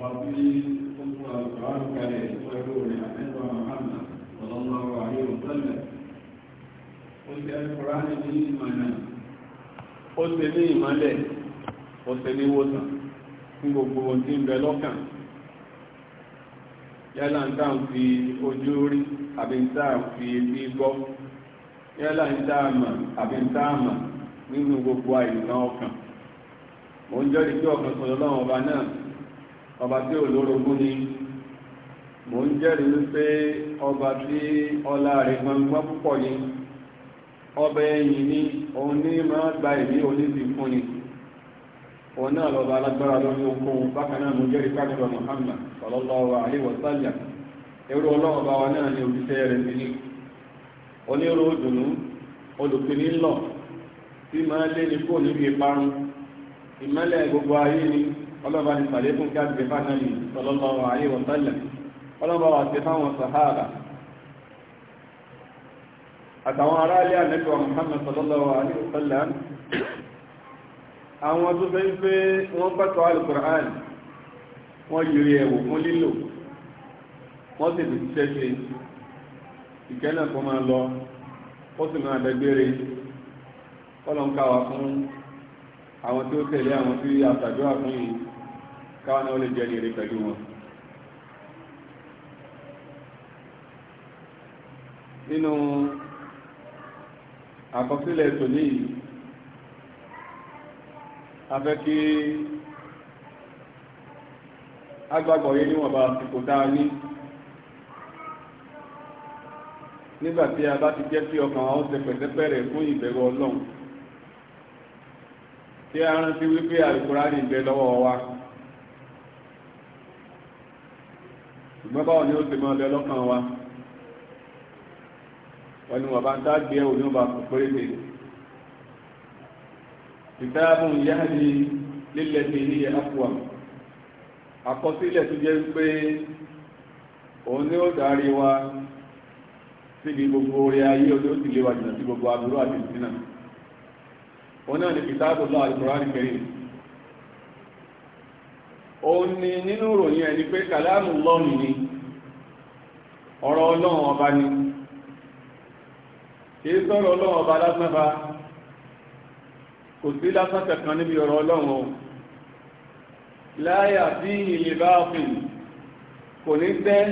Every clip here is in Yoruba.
وفي خطوة القرآن كريم ويقول لحمد محمد صلى الله gbogbo ohun ń bẹ lọ́kàn yálà ń dáhùn fi ojú àbí fi yálà ń àbí ń nínú gbogbo àìsàn ọkàn ń ọkàn sọ̀rọ̀ lọ́wọ́ ọba tí olórogún ni mò ń jẹ́rìí wípé ọba tí ọlá rẹ̀ gbọngbọ́n púpọ̀ ni ọba ẹ̀yìn ni òun ní máa gba ìní oníbi fún ni òun náà lọ́ba alágbára lórí okun bákan náà kájọba ẹrú ni rẹ̀ ní onírò òdùnú tí máa lé ní kó ìmọ́lẹ̀ ọlọ́ba ní pàdé fún káàkiri fánàlì sallallahu alaihi wa sallam ọlọ́ba wà sí fáwọn sàhábà àtàwọn ará ilé ànẹ́kọ̀ọ́ Muhammad sallallahu alaihi wa sallam àwọn tó fẹ́ pé wọ́n pẹ́kọ̀ọ́ alukur'an wọ́n yìí ẹ̀wò fún lílò wọ́n sì fi ṣiṣẹ́ ṣe àwọn tí ó tẹ̀lé àwọn tí a ṣàdúrà káwọn náà lè jẹ́ ní eré pẹ̀lú wọn nínú àkọsílẹ̀ ètò ní yìí afẹ́ kí agbàgbọ̀ yé níwọ̀nba àsìkò dáa ní nígbàtí a bá ti jẹ́ kí ọkàn àwọn ṣe pẹ̀sẹ́pẹ̀rẹ̀ fún ìbẹ̀rù ọlọ́run tí a rántí wípé àlùkùránì ń bẹ lọ́wọ́ wa. ṣùgbọ́n báwọn ni ó ti máa bẹ lọ́kàn wa wọn ni wọ́n bá dágbé ẹ̀wò ní ọba kò péréte ìtàbùn yáàdì lílẹ̀ ti ní àpùwà àkọsílẹ̀ tó jẹ́ pé òun ni ó darí wa síbi gbogbo orí ayé orí ó gbogbo àti òun náà ni O lọ ni nínú ìròyìn ẹni pé kàlámù ọ̀rọ̀ ọlọ́run ọba ni kìí sọ̀rọ̀ ọlọ́run ọba lásánfà kò sí lásán níbi ọ̀rọ̀ ọlọ́run o láyà sí ilé bá kò ní tẹ́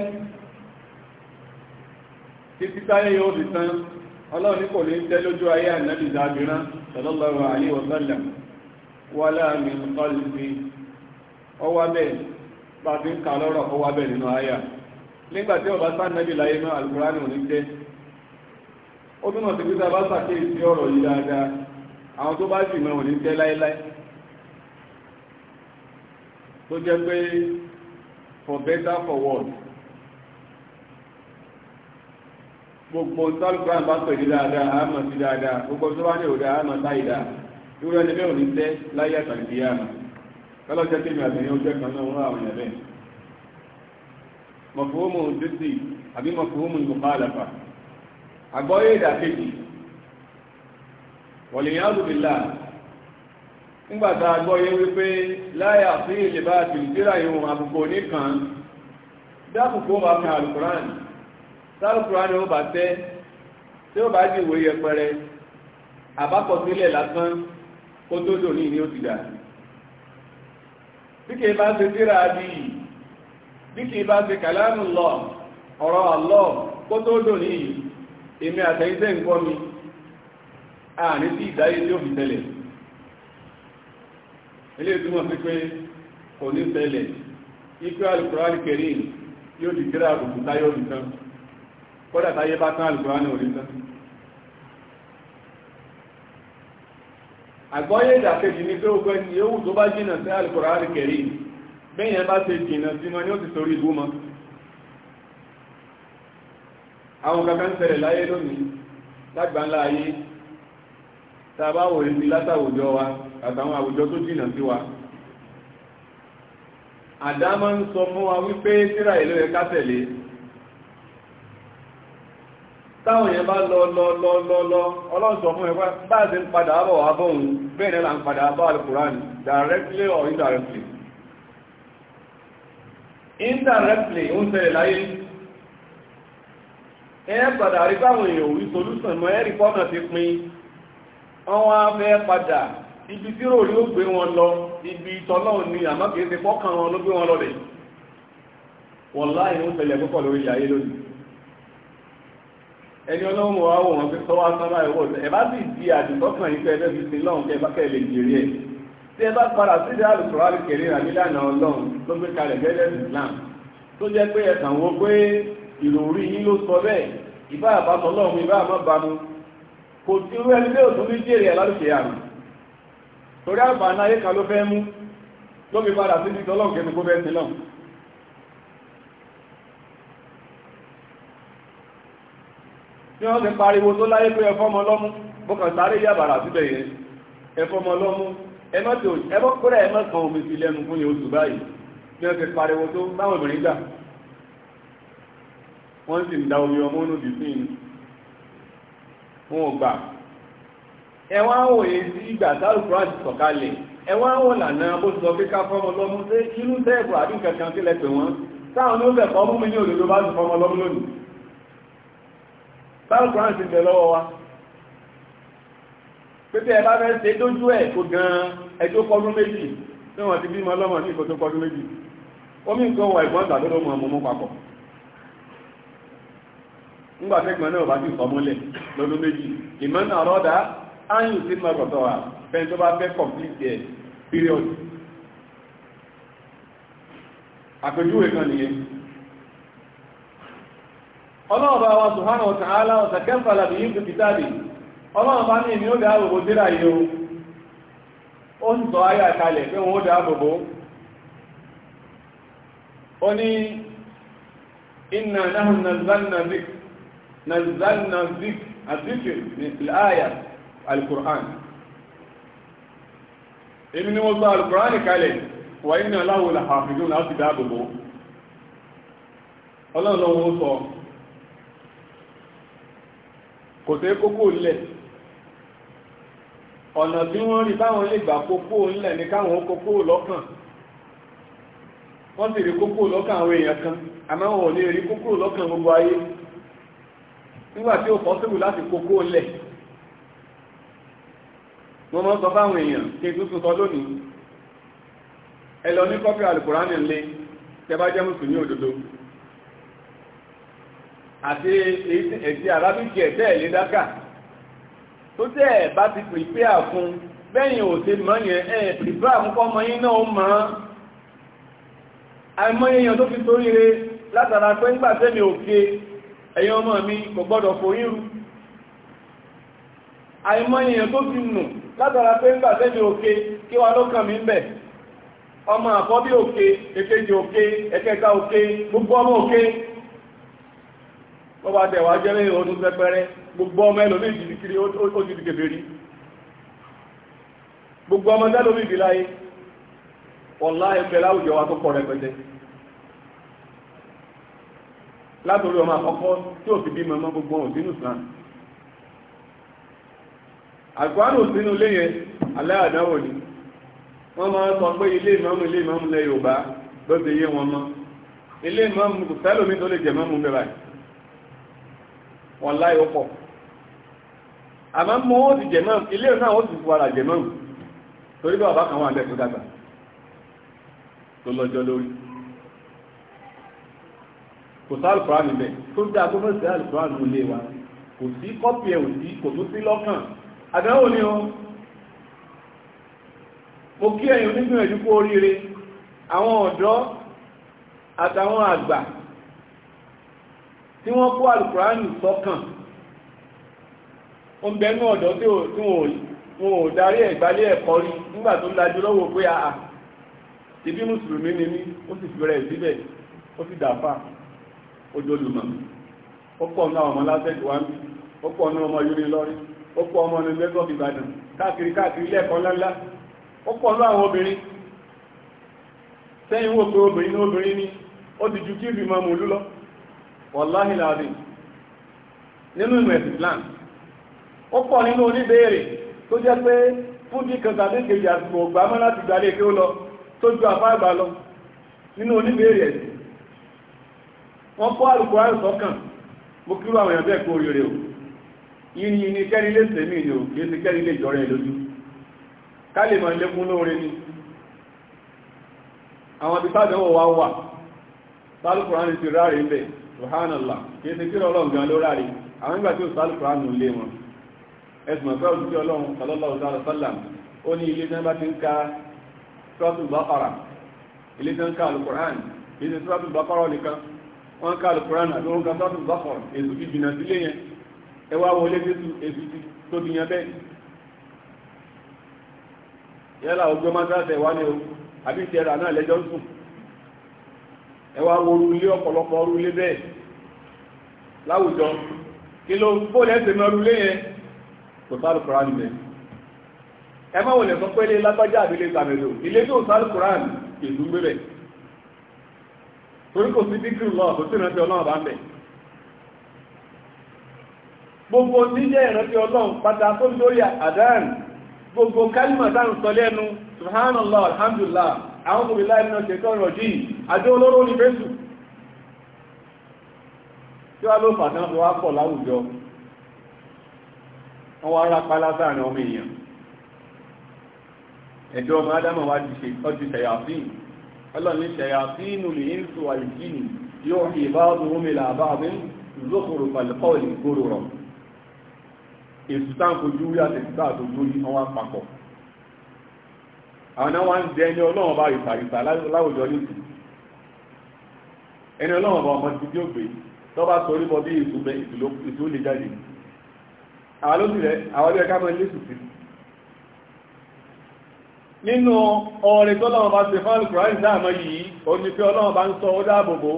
títí táyé yóò fi tán ọlọ́run ní kò ní tẹ́ lójú ayé wala ọwá bẹ́ẹ̀ bá ka lọ́rọ̀ ọwá bẹ́ẹ̀ nínú nígbàtí ọba sáà nẹ́bì láyé náà alùkùránì òní jẹ́ ó túnmọ̀ sí pípa bá sàkíyèsí ọ̀rọ̀ yìí dáadáa àwọn tó bá jìnnà òní jẹ́ láéláé tó jẹ́ pé for better for worse gbogbo sálùkùránì bá pè ní dáadáa àmọ̀ sí dáadáa gbogbo tó bá ní òdà àmọ̀ láì dáa irú ẹni bẹ́ẹ̀ òní jẹ́ láyé àtàkìyàmọ̀ kálọ́jẹ́ kémi àtẹ̀yìn ó jẹ́ kan náà wọ́n àwọn èèyàn bẹ́ẹ̀ mọ̀fóhùmù dídì àbí mọ̀fóhùmù ìmùkálàfà àgbọ́yé ìdàkejì da bìlá ńgbàtà àgbọ́yé wípé láyà sí ìlébá àti ìdíra ìhun àbùkò nìkan dákùkù ó bá fi alukuran sálùkuran ó bá tẹ́ tí ó bá jí ìwé yẹpẹrẹ àbákọsílẹ̀ lásán kó tó dò ní ìní ó ti bá ṣe bíi bí kìí bá ti kàlámù lọ ọ̀rọ̀ àlọ́ kó tó dò ní yìí èmi àtẹ́yìntẹ́ ń gbọ́ mi ààrín sí ìdáyé tí ó fi tẹ́lẹ̀ ilé ìtumọ̀ sí pé kò ní tẹ́lẹ̀ ikú alùkùránì kẹrin yóò di kíra bẹ́yẹn bá ṣe jìnà sí wọn ni ó ti sórí ìbú mọ́ àwọn kankan ń ṣẹlẹ̀ láyé lónìí lágbàńlá ayé tàbá wò ní látàwùjọ wa àtàwọn àwùjọ tó jìnà sí wa àdámọ́ ń sọ fún wa wípé tíra ìlú ẹ kátẹ̀lé táwọn yẹn bá lọ lọ lọ lọ lọ ọlọ́run fún ẹ bá ṣe ń padà bọ̀ wá bọ̀ òun bẹ́ẹ̀ ni là ń padà bá al directly or indirectly indirectly ó ń tẹ̀lẹ̀ láyé ẹ padà rí báwọn èèyàn òwú solúsàn mọ́ ẹ́rì pọ́nà ti pin wọ́n á padà ibi tí rò rí ó gbé ibi ni àmọ́ kìí ṣe fọ́kàn wọn ló gbé wọn lọ́lẹ̀ wọ́n láì ń tẹ̀lẹ̀ púpọ̀ lórí ayé lónìí ẹni ọlọ́run wọn sọ́wọ́ ẹ̀wọ̀ sì di àdìsọ́kàn ìfẹ́ ẹ̀fẹ́ fi sin lọ́run kẹ́ bá kẹ́ lè jèrè ẹ̀ tí ẹ bá padà sí ìdí àlùkòrò àlùkèrè àmìlànà ọlọ́run tó gbé kalẹ̀ gẹ́gẹ́ Islam tó jẹ́ pé ẹ̀sàn wo pé ìròrí yín ló sọ bẹ́ẹ̀ ìbá àbámọ́ ọlọ́run ìbá àmọ́ banu kò tí irú ẹni lé òtún ní jèrè àlálùkè àmì torí àǹfààní ayé kan ló fẹ́ mú ló fi padà sí ìdí ọlọ́run kẹ́mi kó fẹ́ sí náà tí wọ́n ti pariwo tó láyé pé ẹfọ́mọ lọ́mú bọ́kàn sáré yàbàrà síbẹ̀ yẹn ẹfọ́mọ lọ́mú ẹmọ́ kúrẹ́ ẹmọ́ kan omi sí lẹ́nu fún ní oṣù báyìí ní ọ̀sẹ̀ pariwo tó báwọn obìnrin gbà wọ́n sì ń da omi ọmọ inú dì sí wọn gbà ẹwọ́n àwọn èyí sí ìgbà france sọ̀kalẹ̀ ẹwọ́n àwọn lànà bó sọ pé ká fọ́mọ lọ́mú sí inú àbí sílẹ̀ pé wọ́n táwọn ní ó lónìí pépé ẹ bá fẹ́ ṣe dójú ẹ̀ kó gan ẹjọ́ kọdún méjì tí wọ́n ti bímọ ọlọ́mọ ní ìkọ́tún kọdún méjì omi nǹkan wọ ẹ̀gbọ́n tàbí mọ ọmọ mú papọ̀ nígbà tẹ́gbọ̀n náà bá ti sọ lọ́dún méjì ìmọ̀ náà rọ́dà áyùn sí wa fẹ́ tó bá fẹ́ ẹ̀ period àpèjúwe kan nìyẹn ọlọ́ọ̀bá wa subhanahu làbí ọlọ́run bá ní èmi ó dá àbòbò tíra yìí o ó ń sọ ayé àkalẹ̀ pé wọ́n ó dá àbòbò ó ní inna náà nazalna zik nazalna zik alkùrán ọlọ́run lọ́wọ́ sọ kò tẹ́ kókó lẹ̀ ọ̀nà tí wọ́n rí báwọn lè gbà kókó ńlẹ̀ ní káwọn kókó lọ́kàn wọ́n sì rí kókó lọ́kàn àwọn èèyàn kan àmọ́ wọn ò lè rí kókó lọ́kàn gbogbo ayé nígbà ó fọ́síwù láti kókó ńlẹ̀ wọ́n mọ́ sọ fáwọn èèyàn tuntun sọ lónìí ẹ lọ ní kọ́pì alùkùránì ńlẹ̀ tẹ bá jẹ́ mùsùlùmí òdodo àti ẹ̀sìn arábìkì ẹ̀tẹ́ ẹ̀lẹ́dákà tó tẹ́ ẹ̀ bá ti prepare fún bẹ́yìn ò ti mọ́ yẹn ẹ̀ prepare fún kọ́mọ yín náà mọ́ àìmọ́ èèyàn tó fi toríire látara pé nígbà tẹ́mi òkè ẹ̀yin ọmọ mi kò gbọ́dọ̀ fò irú àìmọ́ èèyàn tó ti nù látara pé nígbà tẹ́mi òkè kí wa ló kàn mí ń bẹ̀ ọmọ àkọ́bí òkè èkejì òkè ẹ̀kẹta òkè gbogbo ọmọ òkè wọ́n bá tẹ̀wà jẹ́rẹ́ ọdún pẹ́pẹ́rẹ́ gbogbo ọmọ ẹlòmí ìdí kiri ó ti dìkẹ̀ bèrí gbogbo ọmọ ẹlòmí ìdí láyé ọ̀lá ẹgbẹ̀ láwùjọ wa tó pọ̀ rẹpẹtẹ látòrí ọmọ àkọ́kọ́ tí ò fi bí mọ́mọ́ gbogbo ọ̀hún sínú Islam àkọ́ánù sínú ilé yẹn aláàdáwò ni wọ́n máa ń sọ pé ilé ìmọ̀mù ilé ìmọ̀mù lẹ Yorùbá ló ti yé wọn mọ́ ilé ìmọ̀mù kò sẹ́lòmí tó lè jẹ̀ mọ́mù bẹ́ẹ̀ báyìí wọ́n láyé ó pọ̀ àmọ́ mọ́ ó ti jẹ̀mọ́ ilé náà ó ti fún ara jẹ̀mọ́ torí bàbá kan wà lẹ́ẹ̀kọ́ dàgbà tó lọ́jọ́ lórí kò sí alùpùrá níbẹ̀ tó dá tó fẹ́ sí alùpùrá nù ilé wa kò sí kọ́pì ẹ̀ ò sí kò tó sí lọ́kàn àdánwò ni o mo kí ẹ̀yin onígbìyànjú kú oríire àwọn ọ̀dọ́ àtàwọn àgbà tí wọ́n kó alùpùrá nù sọ́kàn ó ń bẹ ọ̀dọ́ tí wọn ò darí ẹ̀gbálé ẹ̀kọ́ rí nígbà tó lajú lọ́wọ́ pé àà ibi mùsùlùmí ni mí ó sì fi rẹ̀ síbẹ̀ ó sì dàfà ó dolùmọ̀ ó pọ̀ náà ọmọ lásẹ̀kì wá ń ó pọ̀ náà ọmọ yúni lọ́rí ó pọ̀ ọmọ ní lẹ́gọ́ ìbàdàn káàkiri ni ó ti ju kí mùlú lọ wọ́n ó pọ̀ nínú oníbèèrè tó jẹ́ pé fúdí kan tàbí kejì àsìkò ọgbà mọ́ láti gbalẹ̀ kí ó lọ tó ju àfáàgbà lọ nínú oníbèèrè ẹ̀sìn wọ́n kọ́ àlùkò àrùn sọ́kàn mo kírú àwọn èèyàn bẹ́ẹ̀ kó oríire o yìnyín ní kẹ́rin lè sèmí ni o kìí ti lè jọrẹ lójú ká lè mọ̀ lékún lóore ni àwọn wá wà ti ráre ń bẹ̀ rọ̀hánàlá kìí ti àwọn ìgbà tí ó lé wọn ẹ̀sùn ọ̀fẹ́ òjúkí ọlọ́run sallallahu alaihi wasallam ó ní ilé náà bá ti ń ka sọ́ọ̀tù bákọ̀rà ilé tó ń ka alukur'an ilé tó sọ́ọ̀tù bákọ̀rà nìkan wọ́n ka alukur'an àti wọ́n ka sọ́ọ̀tù bákọ̀rà èsù ti jìnà sílé yẹn ẹ wá wọlé èsù ti tóbi yẹn bẹ́ẹ̀ yálà ogbó ilé ọ̀pọ̀lọpọ̀ ọrú ilé bẹ́ẹ̀ láwùjọ kí ló bó lẹ́sẹ̀ mọ́ ọrú yẹn kò sálù kùránì bẹ̀. ẹ má wọlé sọ pé ilé lágbájá àbílé ilé tó sálù kùránì ìlú ń torí kò sí díkìrì lọ ìrántí ọlọ́run bá ń gbogbo níjẹ́ ìrántí ọlọ́run tó lórí gbogbo kálímà sọ lẹ́nu àwọn ní tí wọ́n wá rápá látàrin ọmọ èèyàn ẹ̀dọ́ ọmọ adámọ̀ wá ti ṣe ọjọ́ ṣẹ̀yàfín ọlọ́ni ṣẹ̀yàfínù lè ń sọ àìjíni yóò fi bá ọdún mẹ́lá bá ọdún lókòrò pàlẹ́kọ́ọ̀lì gbòrò rọ̀ èsù táǹkojú rí àtẹ̀síta àtòjú ní ọwá papọ̀ àwọn àwọn jẹ ẹni ọlọ́wọ̀n bá àwọn lójú rẹ̀ àwọn ilé ẹ̀ká mọ́ ilé ìsùsì nínú ọ̀rẹ́ tó lọ́wọ́ bá ṣe fáwọn ìkùnrin dáàmọ́ yìí o ní pé ọlọ́wọ́ bá ń sọ ó dáàbòbò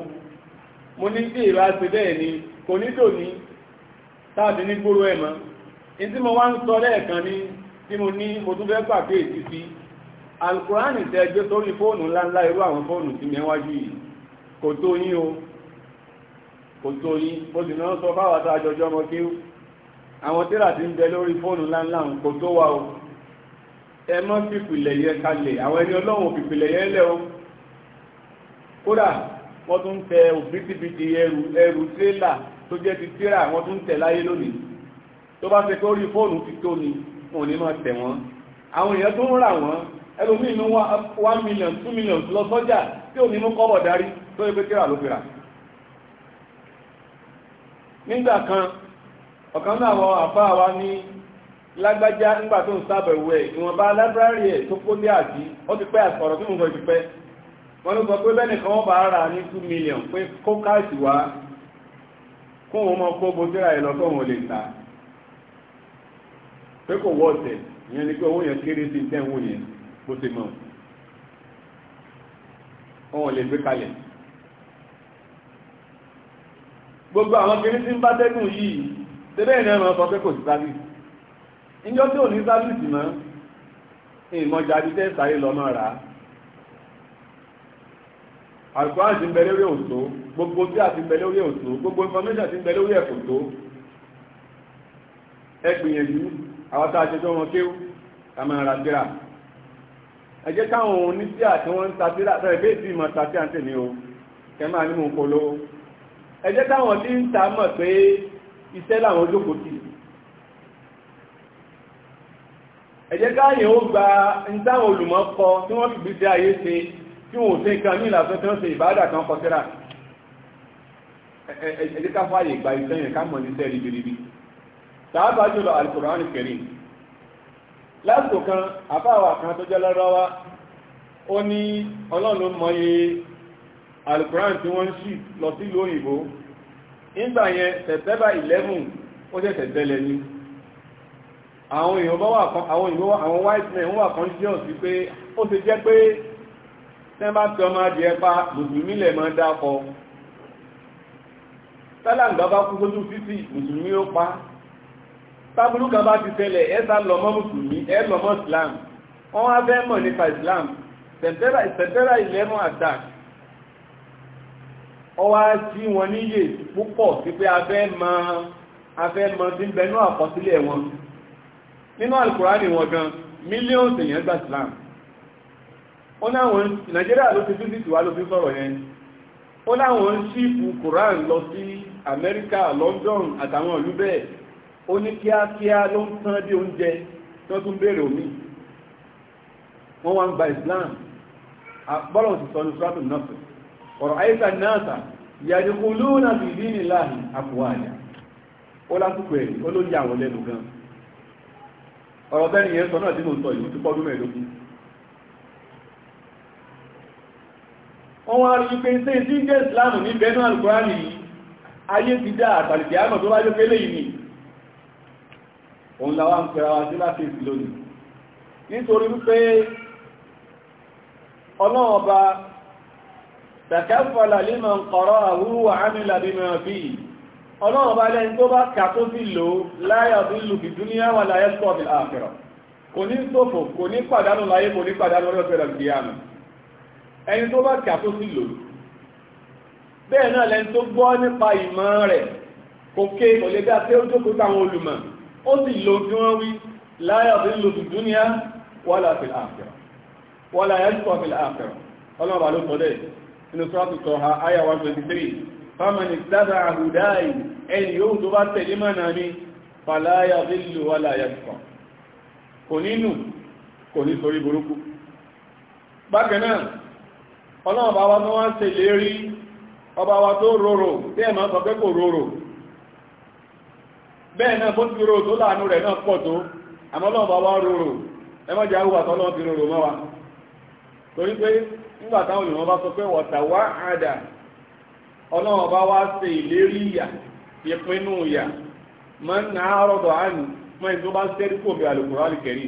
mo ní tí ìrà ṣe bẹ́ẹ̀ ni kò ní tò ní tàbí ní gbóró ẹ̀mọ́ in tí mo wá ń sọ lẹ́ẹ̀kan ní tí mo ní mo tún fẹ́ pàdé èsì sí alukùránì tẹ gbé sórí fóònù ńláńlá irú àwọn fóònù tí mẹ́wájú yìí kò tó yín o kò tó yín o sì náà sọ fáwọn àwọn tíra ti ń bẹ lórí fóònù ńláńlá kò tó wa o ẹ mọ́ fìpìlẹ̀ yẹ kalẹ̀ àwọn ẹni ọlọ́run fìpìlẹ̀ yẹ lẹ́ o kódà wọ́n tún tẹ òbítíbitì ẹrù ẹrù tírélà tó jẹ́ ti tíra wọ́n tún tẹ̀ láyé lónìí tó bá ṣe pé orí fóònù ti tó ni wọn ò ní máa tẹ̀ wọ́n àwọn èèyàn tó ń rà wọ́n ẹlòmíì ní one million two million lọ sọ́jà tí ò ní mú kọ́bọ̀ darí tó yẹ pé tíra ló fi rà nígbà kan ọ̀kan náà àwọn àbá wa ní lágbájá nígbà tó ń sábẹ̀wò ẹ̀ ìwọ̀nba lábúrárì ẹ̀ tó kó ní àdí ó ti pẹ́ àsọ̀rọ̀ tí mo sọ ti pẹ́ wọ́n ló sọ pé bẹ́ẹ̀ nìkan wọ́n bá rà ní two million pé kó káàsì wá kún wọn mọ kó bójúra ẹ̀ lọ kóhun lè ta pé kò wọ́ ọ̀tẹ̀ ìyẹn ni pé owó yẹn kéré sí ìtẹ́wò yẹn bó ti mọ̀ wọn lè gbé kalẹ̀ gbogbo àwọn kéré sí ń bá tẹ́gùn yìí tẹ́lẹ̀ ìrìn ẹ̀rọ sọ pé kò sí sábìsì níjọ́ tí ò ní sábìsì mọ́ ìmọ̀jà ti tẹ́ sáré lọ náà rà á àlùkòrán ti ń bẹ lórí òtó gbogbo tí a ti ń bẹ lórí òtó gbogbo information ti ń bẹ ẹ̀kọ́ tó ẹ gbìyànjú àwọn tá a ṣe tó wọn kéwú ká máa ra tíra ẹ jẹ́ káwọn oní tí a tí wọ́n ń ta tíra bẹ́ẹ̀ bẹ́ẹ̀ tí mo ta tí a ń o kẹ́ máa ní mò ń polówó ẹ jẹ́ káwọn tí ń ta mọ̀ pé iṣẹ́ làwọn jókòó tì ẹ̀jẹ̀ káyẹ̀ ó gba ń táwọn olùmọ̀ kọ tí wọ́n fi gbé ayé ṣe tí wọ́n ṣe nǹkan ní ìlàsọ́ tí wọ́n ṣe ìbádà kan kọ tẹ́rà ẹ̀jẹ̀ ká fàyè gba iṣẹ́ yẹn ká mọ̀ níṣẹ́ ribiribi tààbà jùlọ alukùránì kẹrin lásìkò kan àfáwà kan tó jẹ́ lọ́rọ́wá ó ní ọlọ́run mọye alukùránì tí wọ́n ń ṣì lọ sílùú òyìnbó nígbà yẹn sẹ̀tẹ́bà 11 ó ṣẹ̀ṣẹ̀ tẹ́lẹ̀ ní àwọn èèyàn bá wà kan àwọn òyìnbó àwọn white men wà conscious wípé ó ti jẹ́ pé tẹ́bà tí ọmọ adìẹ pa mùsùlùmí lẹ̀ máa dákọ tálàǹgbà bá kú sójú títì mùsùlùmí ó pa tábùlùkà bá ti tẹ́lẹ̀ ẹ sá lọ mọ́ mùsùlùmí ẹ lọ mọ́ islam wọ́n wá fẹ́ mọ̀ nípa islam sẹ̀tẹ́bà 11 attack ọ wá jí wọn níyè púpọ̀ sí pé afẹ́ mọ afẹ́ mọ tí ń bẹnú àkọsílẹ̀ wọn nínú alukùránì wọn gan mílíọ̀nù èèyàn gba Islam ó láwọn Nàìjíríà ló ti fíìsì wá ló fi sọ̀rọ̀ yẹn ó láwọn ṣíìpù Quran lọ sí Amẹ́ríkà London àtàwọn ìlú bẹ́ẹ̀ ó ní kíákíá ló ń tán bí oúnjẹ tó tún béèrè omi wọ́n wá ń gba Islam bọ́lọ̀ ti sọ ní sọ́tún náà ọ̀rọ̀ayíta náà yàdìkúlú náà fi dí ní láàrin àpòwàjà ó lásìkò ẹ̀rí ó ló yà wọ́n lẹ́nu gan ọ̀rọ̀ bẹ́ni yẹn sọ náà tí mo sọ yìí túpọ̀ ọdún mẹ́ẹ̀lógún wọ́n wá rí pé ṣe tí ń jẹ́ ìsìláàmù ní bẹ́nu alùkùránì ayé ti dá àtàlìkì àmọ̀ tó wájú pé léyìn ni òun làwa ń pẹ̀rẹ̀ wá láti ìsìlónì nítorí wípé ọlọ́ọ̀ba tàkàfàlà límọ̀ kọ̀rọ̀ àwúrúwà ámìlà bí mọ̀ bí ọlọ́run bá lẹ́yìn tó bá kàtó sí lò láyà bí lù bí dúníyà wà láyé pọ̀ bí àfẹ́rọ̀ kò ní ṣòfò kò ní pàdánù láyé kò ní pàdánù ọjọ́ fẹ́rẹ̀ bí àmì ẹni tó bá kàtó sí lò bẹ́ẹ̀ náà lẹ́yìn tó gbọ́ nípa ìmọ̀ pọ̀ bí nínú sọ́ọ̀tù tọ̀ha àyà 123 fámánì dáadáa àhùdáì ẹni yóò tó bá tẹ̀lé mọ́nà ní fàláyà wà láyà kan kò nínú kò ní sórí burúkú bákan náà tó wá ń ṣe lérí ọba tó rorò tí ẹ̀mọ́ sọ pé kò rorò bẹ́ẹ̀ náà bó ti rò tó láàánú rẹ̀ náà pọ̀ nígbà táwọn èèyàn bá sọ pé wọ̀tàwá àdà ọlọ́run bá wá ṣe ìlérí ìyà ìpinnu ìyà mọ́ ní àárọ̀dọ̀ àánú mọ́ ẹni tó bá ṣẹ́rí kò bí alùkùránì kẹrì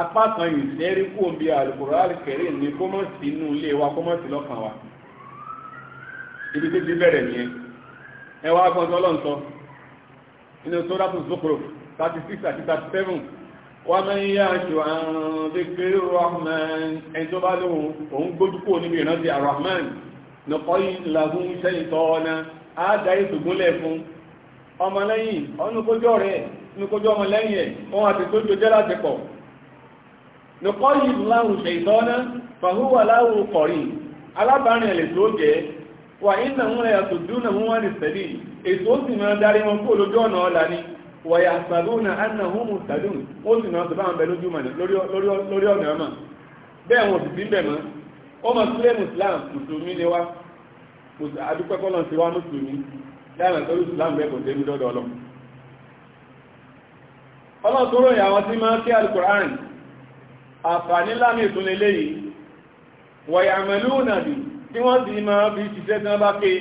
apá kan yìí ṣẹ́rí kò bí alùkùránì kẹrì ní kó mọ̀ sí inú ilé wa kó mọ̀ sí lọ́kàn wa ibi títí bẹ̀rẹ̀ nìyẹn ẹ wá gbọ́n tó ọlọ́run sọ inú sóràtún Zukhruf 36 àti 37 ومن يعش عن ذكر الرحمن عندما لهم هم قدقوا نبي نزع الرحمن نقيل لهم شيطانا هذا يتقول لكم ọmọ lẹ́yìn ọnukójọ́ rẹ̀ nukójọ́ ọmọ lẹ́yìn ẹ̀ wọ́n àti tó jò jẹ́ láti nùkọ́ yìí láhùn ṣe ìtọ́ná fàhúwà láhùn kọ̀rí alábàárin ẹ̀lẹ̀ tó jẹ́ wà ní àwọn ẹ̀yà tó dúnà wọ́n wá ní sẹ́lì èso sì máa darí wọn kó lójú ọ̀nà ọ̀la ni wọ̀yà na ánàhùn ó sì náà tọ́bá àwọn bẹ̀lójú mọ̀ lórí ọ̀nà ọmọ bẹ́ẹ̀ wọn sì sí mọ́ ó mọ̀ sílẹ̀ mùsùlùm musulmi ni wá adúpẹ́kọ́lọ̀ sí wá musulmi dáàmà tó mùsùlùm bẹ́ẹ̀ kò débi dọ́dọ̀ ọlọ́ ọlọ́run ma ròyìn àwọn máa kí alukur'an àǹfààní lámì ìtúnlẹ̀ léyìí wọ̀yà àmàlúùnà tí wọ́n sì máa fi ṣiṣẹ́ tí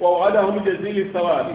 wọ́n bá ké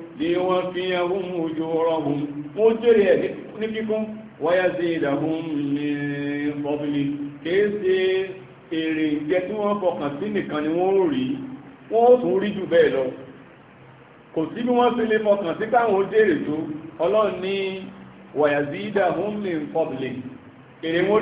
ليوفيهم أجورهم مجري نفكم ويزيدهم من فضله kéèsè èrè ìjẹ tí wọ́n fọkàn sí nìkan ni wọ́n rí wọ́n tún rí jù bẹ́ẹ̀ lọ kò sí bí wọ́n fi lè fọkàn sí káwọn ó tó ọlọ́run ní wàyàzídà homlin public èrè wọ́n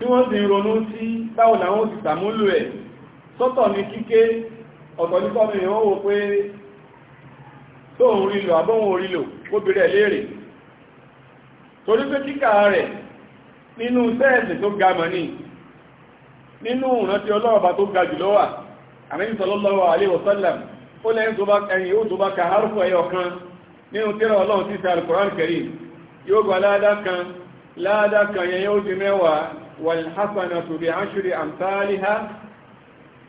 tí wọ́n sì ń ronú sí báwo làwọn ti sàmúlò ẹ̀ sọ́tọ̀ ní kíké ọ̀tọ̀lúkọ́mí wọ́n wò pé tóhun rílò àbọ́hun orílò kó bèèrè léèrè torí pé kíkà rẹ̀ nínú sẹ́ẹ̀sì tó ga mọ̀ ní nínú ìrántí ọlọ́ọ̀bá tó ga jùlọ wà sallallahu alaihi wasallam ó lẹ́yìn tó bá ẹ̀yìn ó tó bá ka quran Karim yóò gba láádá kan láádá kan yẹn wàlhásánàtò bí àṣírí àmtàlíhá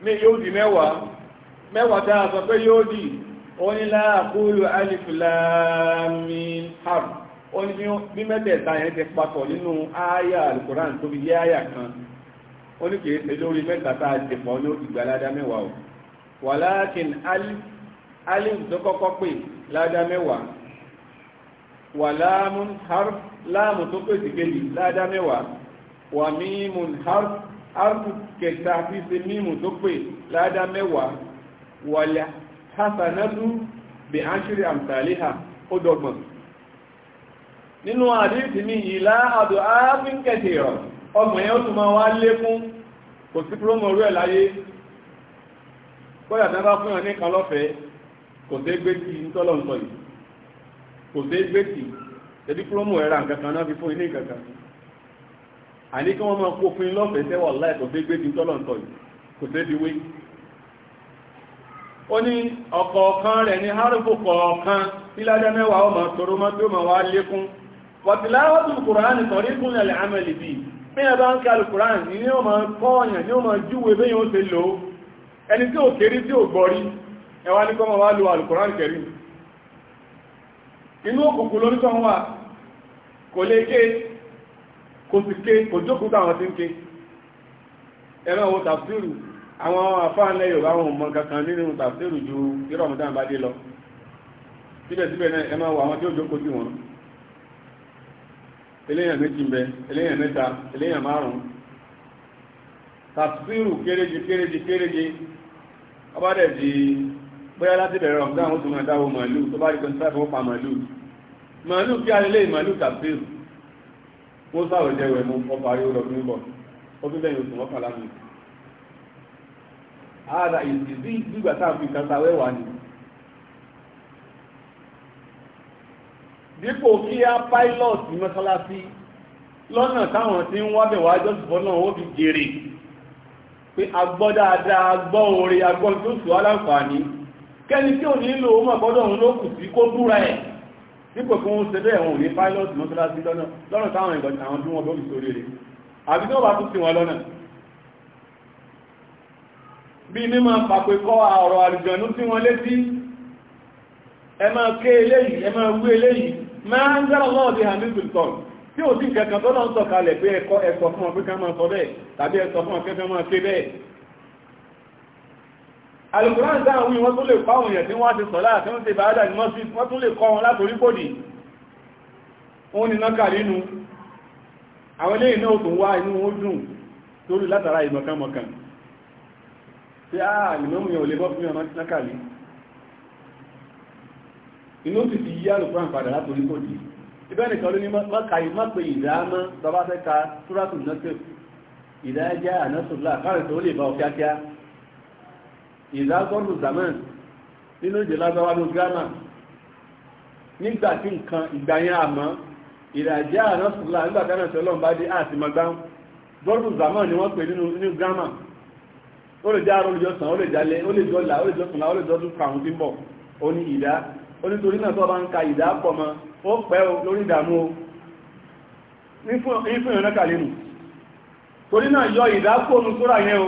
mé yóò di mẹ́wàá mẹ́wàá tàà sọ pé yóò di onílá àkúlù alifulamin har oní bí mẹ́tẹ̀ẹ̀ta yẹn ti papọ̀ nínú àyà alukoran tó bí yé àyà kan oní kìí ṣe lórí mẹ́ta tàà ti pọ̀ ní ìgbàládá mẹ́wàá wàlákin alif tó kọ́kọ́ pè ládá mẹ́wàá wàlámù har láàmù tó pèsè kejì ládá mẹ́wàá wà mímù harfu kẹta fi ṣe mímù tó pè ládá mẹ́wàá wàlẹ̀ hasanatu bí a ń ṣírí àmtàlíhà ó dọ́gbọ̀n nínú àdíìsì mi ìlà àdó áfín kẹtìrọ̀ ọmọ yẹn ó tún ma wá lékún kò sí promo láyé tí bá fún kan lọ́fẹ̀ẹ́ àní kí wọ́n máa kó fún yín lọ́fẹ̀ẹ́ tẹ́wọ̀ láì kò dégbé ti tọ́lọ̀ ń tọ̀ yìí kò débi wé ó ní ọ̀kọ̀ọ̀kan rẹ̀ ní hárùfù kọ̀ọ̀kan tíládá mẹ́wàá ọmọ tòrò mọ́ tí ó mọ̀ wá lékún wọ̀tíláwọ́tù kùránì tọ̀ríkún lẹ̀lẹ̀ amẹ́lì bí bí ẹ bá ń kàlù kùránì ní ọmọ kọ́ọ̀yàn ní ọmọ júwe bí lo alùkùránì kẹrì inú òkùnkùn lónítọ́ wà kò lè ké kò sì ké kò jókòó táwọn ti ń ké ẹ̀rọ wo tàbísírù àwọn afáàlẹ́ yorùbá àwọn ọmọ kankan nínú tàbísírù ju irọ́ ọmọdé àbádé lọ síbẹ̀síbẹ̀ náà ẹ máa wọ àwọn tí ó jókòó sí wọn eléyàn méjì mbẹ eléyàn mẹ́ta eléyàn márùn-ún tàbísírù kéréje kéréje kéréje ọba dẹ̀ di bóyá láti bẹ̀rẹ̀ ọ̀gá àwọn tó máa dáwọ́ màálù tó bá rí pé ń sáfẹ́ ó pa màálù màálù kí alẹ́ wọ́n sáwọ̀ jẹ́ wẹ̀mú ọparí ọdún níbọ̀ ọdún lẹ́yìn oṣù mọ́kànlá mi ara ìsìsí gbígbà tá a ń fi kàtà wẹ́wà ni dípò kí á pilot mọ́sálásí lọ́nà táwọn tí ń wábẹ̀ wá jọ́sùfọ́ náà ó fi jèrè pé agbọ́ dáadáa agbọ́ oore agbọ́ tó sùn aláǹfààní kẹ́ni tí ò nílò ó mọ̀ gbọ́dọ̀ òun ló kù sí kó búra ẹ̀ dípò kí wọ́n ṣe bẹ́ẹ̀ wọn ò ní pilot mọ́sálásí lọ́nà lọ́nà táwọn ìgbọ̀n àwọn tí wọ́n bọ́bí sórí rẹ̀ àbí tó bá tún sí wọn lọ́nà bí ní máa pàpẹ kọ́ ọ̀rọ̀ àlùjọ̀nú sí wọn létí ẹ máa ké eléyìí ẹ máa wú eléyìí máa ń gbẹ́rọ lọ́wọ́ di hamilton tọ́ tí ò sí nǹkan kan tó lọ́n sọ̀kalẹ̀ pé ẹ̀kọ́ ẹ̀sọ̀ fún ọ pé ká máa sọ bẹ́ẹ̀ tàbí ẹ̀sọ̀ fún ọ pé ká máa ké bẹ́ẹ̀ alùkùrán dáwọn wọ́n tún lè fáwọn èèyàn tí wọ́n ti sọ̀lá tí wọ́n ti bá dà ní mọ́sí wọ́n tún lè kọ́ wọn látorí bòdì wọ́n ni náà kàrí inú àwọn ilé iná òtún wá inú ó dùn torí látara ìmọ̀kánmọ̀kán tí a ìmọ̀mù yẹn ò lè bọ́ fún ọmọ náà ìdágọ́nù zaman nínú ìdè lábáwá ló gánà nígbà tí nǹkan ìgbà yẹn àmọ́ ìrìnàjẹ́ àrọ́sùlá nígbà gánà tí ọlọ́run bá dé àti mọ́gbá gọ́nù zaman ni wọ́n pè nínú gánà ó lè jẹ́ àrùn ìjọsàn ó lè jalè ó lè jọlà ó lè jọsùnlá ó lè jọdún kàrùn tí ń bọ̀ ó ní ìdá ó ní torí náà tó bá ń ka ìdá pọ̀ mọ́ ó pẹ́ lórí ìdààmú o ní fún ìrìnàkàlẹ́nu torí náà yọ ìdá pọ̀ nù sóra yẹn o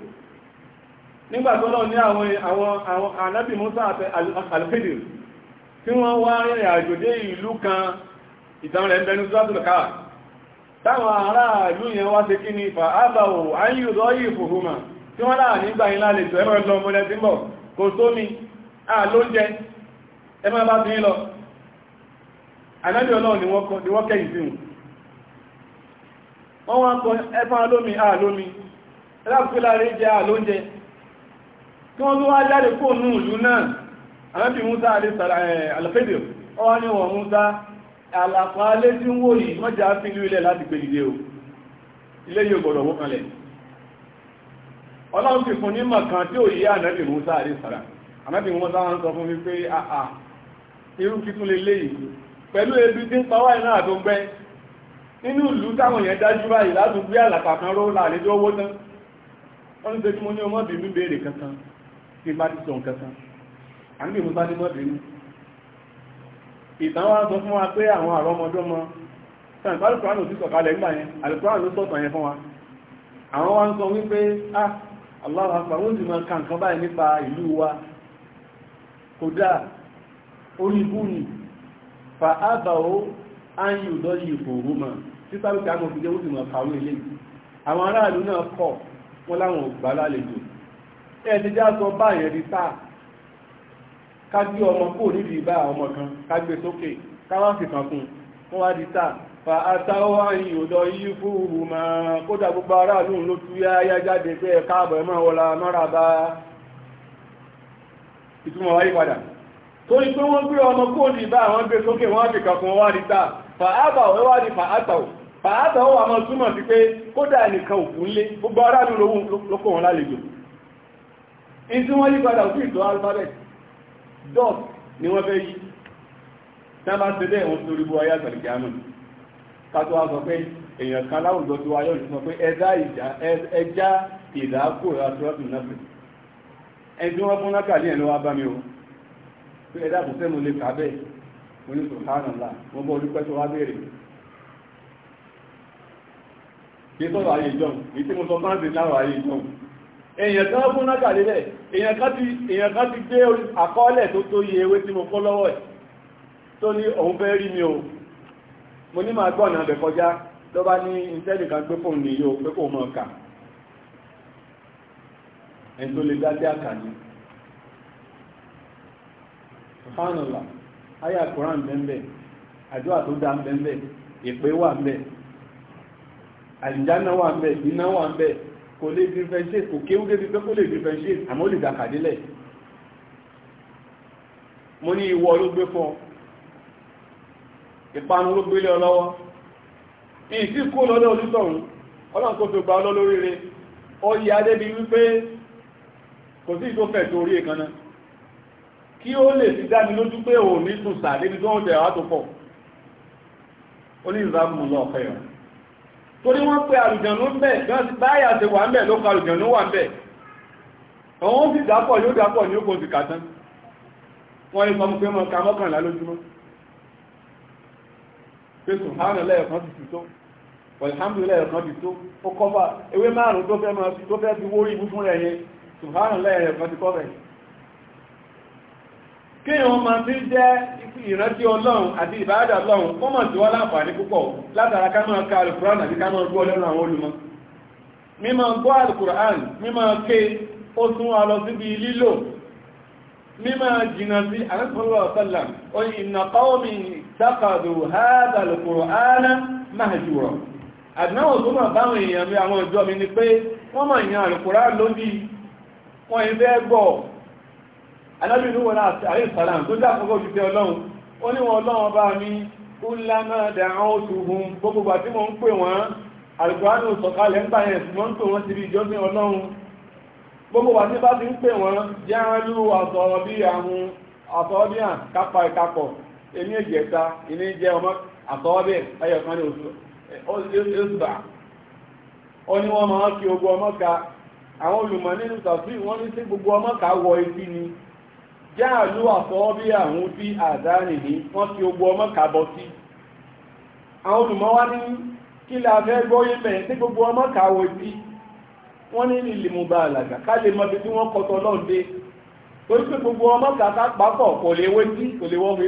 nígbà tó lọ ní àwọn àwọn ànábì Musa àti alfedir tí wọ́n wá rìnrìn àjò ìlú kan ìtàn rẹ̀ bẹnu sọ́tùlùká táwọn ará ìlú yẹn wá ṣe kí ni fa ábàwò ayíyùzọ́ yìí fòhùmà tí wọ́n láà nígbà yìí lálejò ẹmọ kí wọ́n tó wá jáde kó nù ìlú náà anábì musa alfẹ́dẹ̀ ọwá ní wọn musa àlàpá alé tí ń wò yìí wọ́n jà fi ìlú ilẹ̀ láti gbé dìde o ilé yóò gbọ́dọ̀ wó kanlẹ̀ ọlọ́run ti fún ní mọ̀kan tí ó yí anábì musa àdìsára anábì musa wọn sọ fún mi pé àà irú kí tún lè léyìí pẹ̀lú ebi tí ń pa wáyé náà tó gbẹ́ nínú ìlú táwọn èèyàn dájú báyìí látún gbé àlàpà kan ró láàrin tó wó tán wọ́n ń ṣe tí mo ní ọmọ bìí mi béèrè kankan tí bá ti sọ nǹkan kan àníbì musa ní mọ́bì ní ìtàn wa sọ fún wa pé àwọn àrọmọdọ́mọ sàn ìpàdé kùránù sí sọ̀kalẹ̀ nígbà yẹn àlùkùránù ló sọ̀tàn yẹn fún wa àwọn wa ń sọ wípé ah Allahu akbar ó sì máa ka nǹkan báyìí nípa ìlú wa kódà orí ibú ni fa ábàó áyù lọ́yì ìfòrò mọ̀ títàbí kí a mọ̀ fi jẹ́ ó sì máa kàwé ilé àwọn aráàlú náà kọ̀ wọ́n láwọn ògbà lálejò ẹ̀ẹ́dẹ́já sọ báyẹ̀ rí sáà kágbé ọmọ kò níbi ìbá ọmọ kan kágbé sókè káwọn fi fún wá di sáà fa àtàwọ̀ àyìn ọ̀dọ̀ yìí fúrù kódà gbogbo aráàlú ló tú yá jáde pé ẹ̀ka ẹ̀mọ́ wọlá mọ́ra bá ìtumọ̀ wáyé padà pé gbé ọmọ ìbá àwọn gbé sókè wọn wá di sáà di fa àtàwọ̀ fa àtàwọ̀ àmọ́ túmọ̀ sí pé kódà òkú ńlé gbogbo ló in tí wọ́n yí padà sí ìtọ́ alphabet dot ni wọ́n fẹ́ yí tẹ́bà ti dẹ́ ìwọ̀n tó rígbó ayá tàbí kíámù kátó wá sọ pé èèyàn kan láwùjọ tó wáyọ̀ ìsọ pé ẹjá ìdákò àtúrọ́tù náà ẹni tí wọ́n fún lákàlí ẹ̀ ló wá bá mi o pé ẹ̀dá kò sẹ́mu tó wá béèrè èèyàn kan ti gbé àkọọ́lẹ̀ tó tó yẹ ewé tí mo kó lọ́wọ́ ẹ̀ tó ní òun fẹ́ rí mi o mo ní máa gbọ́nà abẹ̀ kọjá ló bá ní ìtẹ́lì kan pé fóun ní yóò pé kò mọ̀ ọ̀kà ẹni tó lè dájẹ́ àkàní fánàlá ayà kòrán bẹ́ẹ̀ àdúrà tó dá bẹ́ẹ̀ ìpé wà bẹ́ẹ̀ kò lè differentiate kò kéwú débi pé kò lè differentiate àmọ́ lè dàkàdélẹ̀ mo ní ìwọ ló gbé fún ìpanu ló gbélé ọlọ́wọ́ ìsí kó lọ́lọ́ onítọ̀hún ọlọ́run tó fi gba ọlọ́lórí rẹ̀ ọyí adébi wípé kò sí tó fẹ̀ torí ìkanná kí ó lè fi dá mi lójú pé òun ní tùsà débi tó ń jẹ̀ wá tó pọ̀ ó ní ìzámù lọ́ọ̀fẹ́ rẹ̀ torí wọ́n pé àlùjànú ń bẹ̀ báyà ṣe wà ń bẹ̀ ló kọ àlùjànú wà ń bẹ̀ ọ̀wọ́n sì dápọ̀ yóò dápọ̀ ní ogun ìkà tán wọ́n lè sọmú pé mọ́ ká mọ́kànlá lójúmọ́ pé sùhánà lẹ́ẹ̀kan ti tó ọ̀lẹ́hàmdù lẹ́ẹ̀kan ti tó ó kọ́fà ewé márùn-ún tó fẹ́ fi wórí ibú fún ẹ̀yẹn sùhánà lẹ́ẹ̀kan ti kọ́fẹ̀ẹ́ kí wọn máa fi jẹ́ ìrántí ọlọ́run àti ìbáradà ọlọ́run wọ́n mọ̀ tí wọ́n láǹfààní púpọ̀ látara ká máa ka àti ká máa gbọ́ lẹ́nu àwọn olùmọ̀ mímọ̀ gbọ́ alùkùrán mímọ̀ ké ó tún wà lọ síbi lílò mímọ̀ jìnà sí alẹ́sọ̀lọ́sọ̀lá anábì inú wọn náà àrí ìsàlám tó dákọ̀ọ́kọ́ ju pé ọlọ́run ó ní wọn ọlọ́run bá mi ó lámà dáhùn oṣù hun gbogbo àti mò ń pè wọ́n àlùkùránù sọ̀kalẹ̀ ń gbà yẹn ṣùgbọ́n ń pè wọ́n ti rí ìjọsìn ọlọ́run gbogbo àti bá ti ń pè wọ́n jẹ́ránlú àtọ̀rọ̀ bí àwọn àtọ̀rọ̀ bí hàn kápá ìkápọ̀ èmi ìjẹta ìní olùmọ̀ nínú tàbí wọ́n ní sí gbogbo ọmọ wọ etí ni jáàlú àfọwọ́bí àwọn tí àdáni ní wọ́n fi ogbó ọmọ kàbọ̀ sí àwọn olùmọ́wá ní kí la fẹ́ gbọ́yé bẹ̀rẹ̀ tí gbogbo ọmọ kàwọ̀ sí wọ́n ní lè mú bá àlàgà ká lè mọ ibi tí wọ́n kọtọ náà dé torí pé gbogbo ọmọ kàkà pápọ̀ kò lè wé sí kò lè wọ́n wé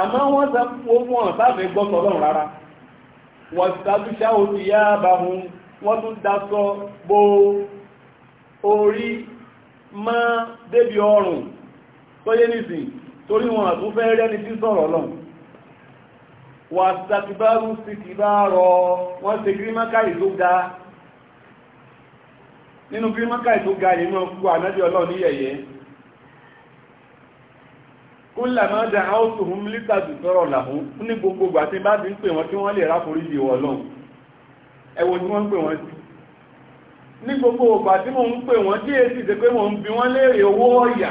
àmọ́ wọ́n sọ fún wọn sáfẹ́ gbọ́sọ̀ náà rárá wọ́n ti ta túṣá oṣù yá àbáhùn wọ́n tún daṣọ bo orí mọ́ débi ọrùn tó yé nìsìn torí wọn àtún fẹ́ rẹ́ni tí sọ̀rọ̀ lọ wà sàtìbárú sí ti bá rọ wọ́n ṣe gírímákàì tó ga nínú gírímákàì tó ga nínú ọkú ànábì ọlọ́run ní yẹ̀yẹ́ kúlàmá dàáwọ́sùn lítàdù sọ̀rọ̀ làmú ní gbogbogbò àti bá ti ń pè wọn tí wọ́n lè ráforíjì ọlọ́run ẹwọ tí wọ́n ń pè wọ́n sí ní gbogbo ògbà tí mo ń pè wọ́n tí èsì tẹ́ pé mo ń bi wọ́n léèrè owó ọ̀yà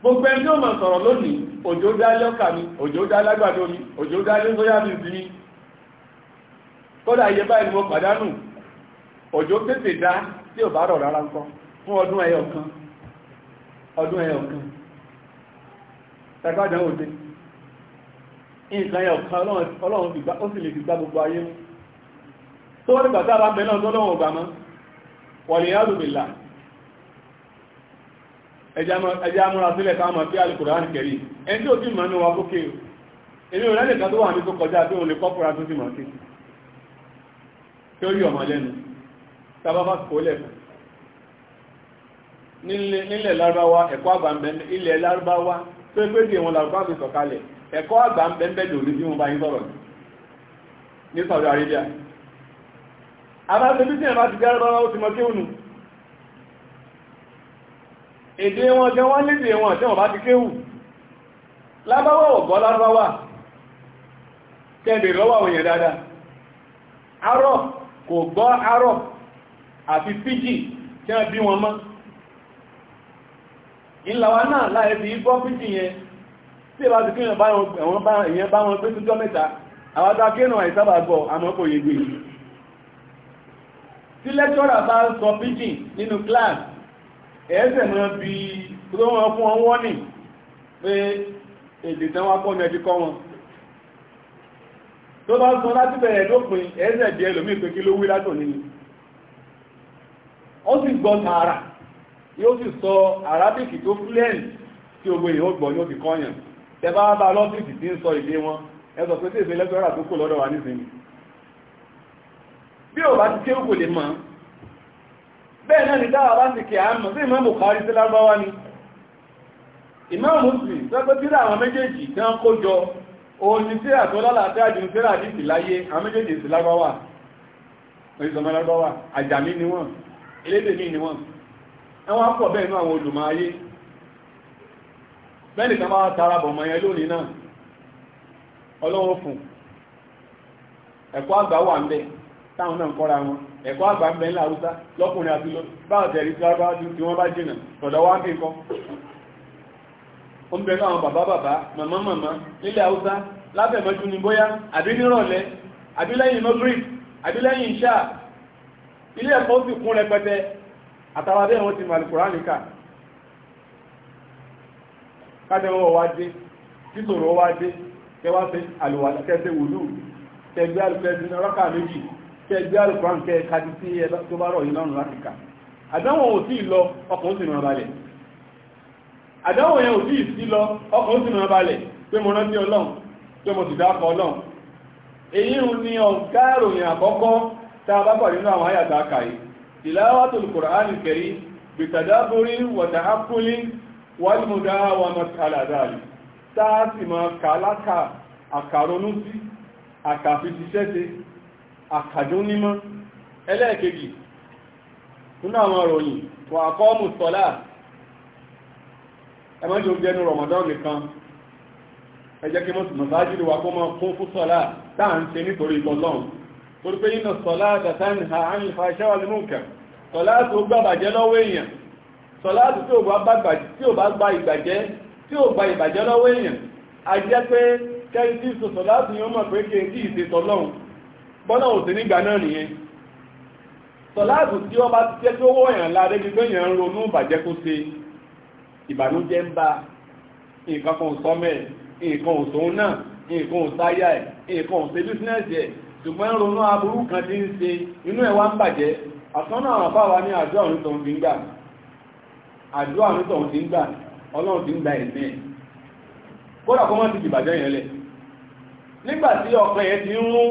gbogbo ẹni ó máa sọ̀rọ̀ lónìí òjò dá lọ́kà mi òjò dá lágbàdo mi òjò dá lé sóyá mi sí mi kódà iye báyìí ni mo pàdánù òjò tètè dá tí ò bá rọ̀ rárá ńkọ́ fún ọdún ẹyọ kan ọdún ẹyọ kan tàbádàn òde nǹkan ẹyọ kan ọlọ́run ó sì lè ẹjá múra sílẹ̀ káàmà sí alìkùránì kẹrì ẹni tí ó ti mọ̀ ní wa kókè èmi ò rẹ́lẹ̀ kan tó wà ní tó kọjá tí ó lè kọ́kùnrin tó ti mọ̀ sí tí ó rí ọmọ lẹ́nu sábábá kò lẹ̀ nílẹ̀ lárúbáwá ẹ̀kọ́ àgbà ilẹ̀ lárúbáwá tó pé bí wọn lárúbá fi sọ̀kalẹ̀ ẹ̀kọ́ àgbà ń bẹ́ẹ̀ bẹ́ẹ̀ lórí bí wọ́n bá yín sọ̀rọ̀ ní Saudi Arabia abáṣe bí sí ẹ̀ bá ti dárúbáwá ó ti mọ kéwònù èdè wọn jẹ wọ́n lédè wọn tí wọ́n bá ti kéwù lábáwọ̀ ọ̀gọ́ lábáwà kẹ́bẹ̀ lọ́wọ́ òyìn dáadáa arọ́ kò gbọ́ arọ́ àti fíjì tí wọ́n bí wọn mọ́ ìlàwà náà láì fi gbọ́ fíjì yẹn tí ìbá ti kíyàn bá wọn gbé túnjọ́ mẹ́ta àwádá kéènà ẹ̀ẹ́sẹ̀ mọ́ bí tó wọ́n fún wọn wọ́n nì pé èdè tán wá pọ́ ní ẹjí kọ́ wọn tó bá sọ láti bẹ̀rẹ̀ lópin ẹ̀ẹ́sẹ̀ bí ẹlòmí pé kí ló wí látò nínú ó sì gbọ́ tààrà yóò sì sọ arábìkì tó fúlẹ̀ǹtì tí ogbó èèyàn gbọ́ ní ó fi kọ́yàn tẹ́bá bá lọ́fíìsì tí ń sọ ìdí wọn ẹ sọ pé tí ìfẹ́ lẹ́gbẹ̀rẹ́ àkókò lọ́dọ̀ wa nísìnyí bí ò bá ti kéwù lè mọ̀ bẹ́ẹ̀ náà ni dáwà bá sì kí a mọ̀ sí ìmọ̀ Bukhari sí lárúbáwá ni ìmọ̀ Muslim sọ́pẹ́ tíra àwọn méjèèjì tí wọ́n kó jọ òun ni tíra tó lálàáfíà jù àdìsì láyé àwọn méjèèjì sí lárúbáwá ni wọ́n elédè ni wọ́n ẹwọ́n pọ̀ bẹ́ẹ̀ nú àwọn olùmọ̀ ayé bẹ́ẹ̀ni kan máa tara bọ̀ mọ̀ yẹn lónìí náà ọlọ́wọ́ ẹ̀kọ́ àgbà wà ń bẹ táwọn náà kọ́ra wọn ẹ̀kọ́ àgbà ń bẹ ńlá àrúsá lọ́kùnrin àti lọ báwọn tẹ̀rí tí wọ́n tí wọ́n bá jìnà ọ̀dọ̀ wá ń kí nǹkan ó ń bẹ náà bàbá bàbá màmá màmá nílẹ̀ àrúsá lábẹ̀mọ́jú ni bóyá àbí nírọ̀lẹ́ àbí lẹ́yìn madrid àbí lẹ́yìn ìṣà ilé ẹ̀kọ́ sì kún rẹpẹtẹ àtàwọn abẹ́ wọn ti mọ alukùránì kà kájẹ́wọ́ wá dé títòrò wá dé kẹwàá kẹgbẹ́ àrùkọ́ ǹkẹ́ kàdí sí ẹbá tó bá rọ̀ yìí lọ́rùn láti kà àdánwò ò tí lọ ọkùn sí mọ̀ balẹ̀ àdánwò yẹn ò lọ ọkùn sí mọ̀ pé mo rántí ọlọ́run pé mo sì dákọ̀ ọlọ́run èyí ń ní ọ̀gá àkọ́kọ́ tá a bá pàdé nínú àwọn àyàtà àkàyè tilawatul Qur'anil Karim bitadaburi wa ta'aqquli wal mudawamati ala dhalik tá a sì máa kà láka àkàronú àkàdún mímọ́ ẹlẹ́ẹ̀kejì nínú àwọn ròyìn wà kọ́ọ̀mù sọ́lá ẹmọ́jọ jẹnu Ramadan nìkan ẹjẹ́ kí mọ́sùn mọ́sáájúlù wà kó mọ́ kún fún sọ́lá táà ń ṣe nítorí ìtọ́lọ́run torí ha á ń fa iṣẹ́ wà nínú kẹ sọ́lá tó gbà bàjẹ́ lọ́wọ́ èèyàn sọ́lá tí ò bá gba ìgbàjẹ́ tí ò gba ìbàjẹ́ lọ́wọ́ èèyàn a jẹ́ bọ́nà òsì nígbà náà nìyẹn sọ̀láàtù tí wọ́n bá jẹ́ tó wọ́ èèyàn láre bí pé ń ronú ìbàjẹ́ kó ṣe ìbànújẹ́ ń bá nǹkan kan sọ́mẹ̀ nǹkan òsòun náà nǹkan òsáyà ẹ̀ nǹkan òsè bísínẹ́sì ẹ̀ kan ti ń inú ẹ̀ wá ń bàjẹ́ àtọ́nà ní àjọ àrùn tó ń fi ń gbà àjọ ti ń gba ti dìbàjẹ́ yẹn lẹ̀ nígbà tí yẹn ti ń rún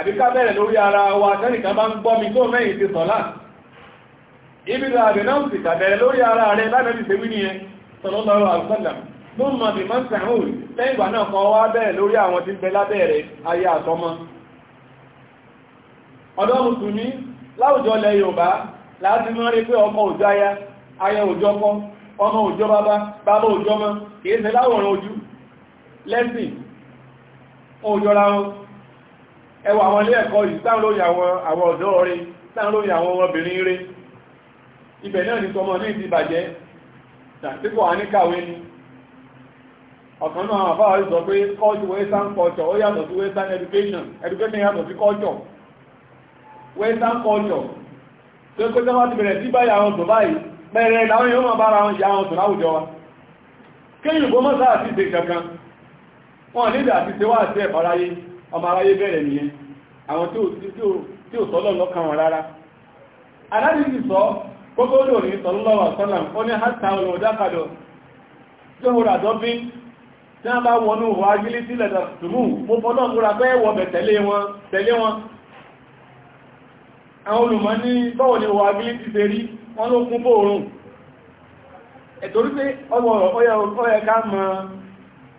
àbí ká bẹ̀rẹ̀ lórí ara wa tẹ́nìkan bá ń gbọ́ mi tó mẹ́yìn ti sọ̀lá ibi da àbẹ̀ náà sì tàbẹ̀rẹ̀ lórí ara rẹ̀ lánàbì ṣe wí nìyẹn sọlọ́lọ́rọ̀ àrùsọ́làm ló mọ̀ bí mọ́ sàhùn lẹ́yìn ìgbà náà kan wá bẹ̀rẹ̀ lórí àwọn tí ń aya aya òjò ọkọ ọmọ òjò bàbá bàbá òjò ọmọ kìí ṣe láwòrán lẹ́sìn òjò ra wọn ẹwà àwọn ilé ẹ̀kọ́ yìí táwọn lóyìn àwọn ọ̀dọ́ rẹ̀ táwọn lóyìn àwọn obìnrin rẹ̀ ibẹ̀ náà ní tọmọ ní ìdíbàjẹ́ tàbíkọ̀ àníkàwé ni ọ̀kan náà àwọn àbáwà sọ pé culture western culture ó yàtọ̀ sí western education education yàtọ̀ sí culture western culture tó kó tẹ́wọ́ ti bẹ̀rẹ̀ sí báyìí àwọn tòbá yìí bẹ̀rẹ̀ láwọn yóò máa bára ya àwọn tòrá àwùjọ wa kéyìnbó mọ́sáà sí ìdè kankan wọ́n nílẹ̀ àti tẹ́wọ́ àti ẹ̀fàráyé ọmọ aráyé bẹ̀rẹ̀ nìyẹn àwọn tí ò sọ́lọ̀ lọ́kàn wọn rárá aláàdìsì sọ kókó lórí sọlọ́wọ́ sọ́lá ó ní hátà olùdákàdọ̀ tí ó rà dọ́bí tí wọ́n bá wọnú wà gílí sílẹ̀ tùmù mo fọ́lọ́ múra pẹ́ wọ́bẹ̀ tẹ̀lé wọn tẹ̀lé wọn àwọn olùmọ̀ ní bọ́wọ̀ ni wà gílí ti tẹ̀rí wọ́n ló kún bóòrùn ẹ̀tọ́rí pé ọwọ́ ọ̀yẹ̀ká mọ́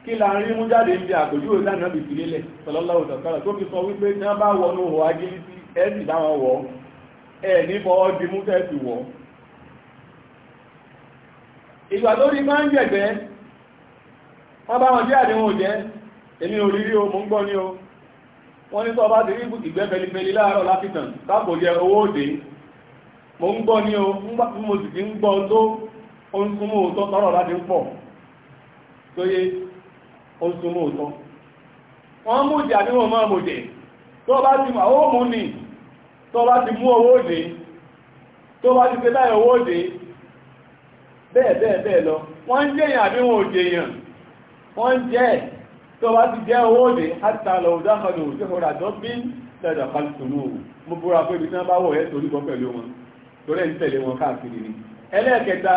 kí la rí mú jáde ń bí àpòjú òdá náà bì sílélẹ̀ sallallahu ta'ala tó fi sọ wípé tí wọ́n bá wọnú ọ̀họ̀ agilisi ẹ̀sì dáwọn wọ̀ ẹ̀ nífọ̀ ọdí mú tẹ́ẹ̀sì wọ̀ ìgbà tó rí máa ń jẹ̀gbẹ́ wọ́n bá wọn jẹ́ àdéhùn jẹ́ èmi ò rírí o mú ń gbọ́ ní o wọ́n ní sọ bá ti rí ìgbẹ́ pẹlipẹli láàárọ̀ láfitàn sápò jẹ owó òde mo ń gbọ́ ní o mo sì ti ń gbọ́ tó ó ń súnmọ́ òótọ́ sọ́rọ̀ láti ń pọ̀ tó yé ó súnmọ́ òtọ́ wọ́n mú jẹ́ àbí wọ́n máa mú jẹ́ tó bá ti mú àwọn òmù ní tó bá ti mú owó òdè tó bá ti fẹ́ láì owó òdè bẹ́ẹ̀ bẹ́ẹ̀ bẹ́ẹ̀ lọ wọ́n ń jẹ́yàn àbí wọn ò jẹ́yàn wọ́n ń jẹ́ tó bá ti jẹ́ owó òdè àti àlọ́ òdákanù òṣèkọ̀rọ̀ àjọ́bín lẹ́dà pàtàkùnú mú búra pé ibi tí wọ́n bá wọ̀ ẹ́ torí kọ́ pẹ̀lú wọn torí ń tẹ̀lé wọn káàkiri ni ẹlẹ́ẹ̀kẹta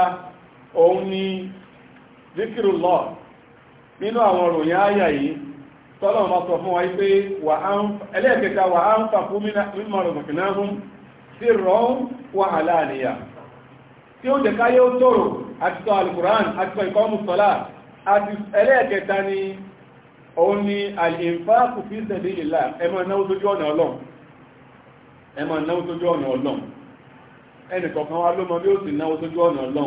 òun ni zikiru lọ́ọ̀ nínú àwọn ròyìn àyà yìí tọ́lọ̀ ma sọ fún wa pé ẹlẹ́ẹ̀kẹta wà á ń fàkú mímọ̀ rọ̀mọ̀kìnáhún sí rọ́ún wà aláàníyà tí ó jẹ káyé ó tòrò àti sọ alìkùrán àti sọ ìkọ́ mùsọ́lá àti ẹlẹ́ẹ̀kẹta ni òun ni alìfáàkù fi sẹ̀lẹ̀ ìlà ẹmọ náwó sójú ọ̀nà ọlọ́run ẹnìkọ̀ọ̀kan wa ló mọ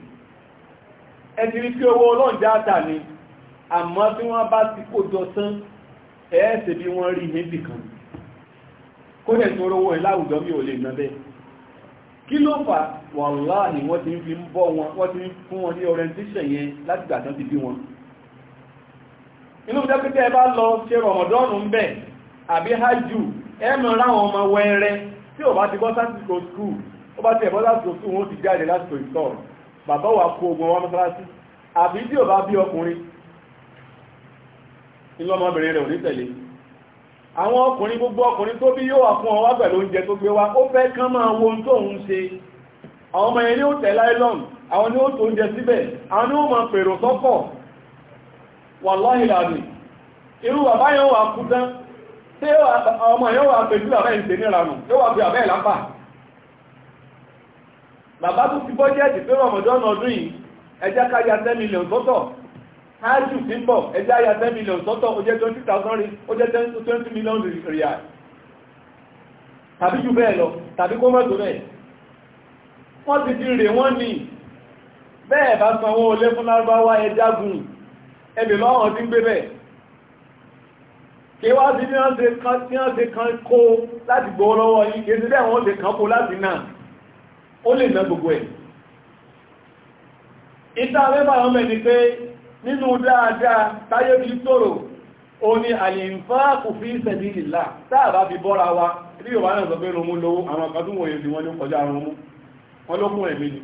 ẹ̀dìrí pé owó ọlọ́ǹdá àtà ni àmọ́ tí wọ́n bá ti kó jọ tán ẹ̀ẹ́sẹ̀ bí wọ́n rí níbì kan kó dẹ̀ tó rówó ẹ̀ láwùjọ bí o lè nà bẹ́ẹ̀ kí ló fà wàláhì wọ́n ti ń fi ń bọ́ wọn wọ́n ti ń fún wọn ní orientation yẹn láti gbà tán ti bí wọn inú dẹ́kítẹ́ ẹ bá lọ ṣe rọmọdọ́nù ń bẹ̀ àbí hajj ẹ mọ̀ láwọn ọmọ wẹrẹ tí ò bá ti bọ́ sásìkò skul ó bá ti ẹ̀bọ́ lásìkò skul wọn ti jáde lásìkò ìtọ́rọ̀ bàbá wà kó ogun wá mọ́sálásí àbí tí ò bá bí ọkùnrin ìlọ́mọbìnrin rẹ̀ ò ní tẹ̀lé àwọn ọkùnrin gbogbo ọkùnrin tó bí yóò wà fún ọwá pẹ̀lú oúnjẹ tó gbé wá ó fẹ́ kán máa wo ohun tó ń ṣe àwọn ọmọ ẹni ó tẹ̀ láìlọ́n àwọn ni ó tó oúnjẹ síbẹ̀ àwọn ni ó máa pèrò sọ́kọ̀ wà lọ́hìlàmì irú bàbá yóò wà kú tán tí ọmọ yóò wà pẹ̀lú àbẹ́ ìṣẹ́ níranù yóò wà pẹ̀lú àbẹ́ ìlápàá bàbá tó fi bọ́jẹ́ẹ̀tì pé rọ̀mọ̀dọ́nà ọdún yìí ẹjá ká ya 10 million sọ́tọ̀ ájù tí ń bọ̀ ẹjá ya 10 million sọ́tọ̀ ó jẹ́ 20,000 rí ó jẹ́ 20 million riyal tàbí jù bẹ́ẹ̀ lọ tàbí kó mọ́ tó bẹ́ẹ̀ wọ́n ti ti rè wọ́n ní bẹ́ẹ̀ bá sanwó olé fún lárúbáwá ẹjá gùn ẹbì lọ́wọ́n ti ń gbé bẹ́ẹ̀ kéwàá sí ní wọ́n ti kan kó láti gbowó lọ́wọ́ yìí kéde bẹ́ẹ̀ wọ́n ti kan kó láti ó lè ná gbogbo ẹ̀ ìta mẹ́bà ọmọ ẹni pé nínú dáadáa táyé fi tòrò o ní àyìnfà kò fi fi bọ́ra wa rí ìwà náà sọ romú lówó àwọn akadún wòye sí wọn ní kọjá romú wọn ẹ̀mí ni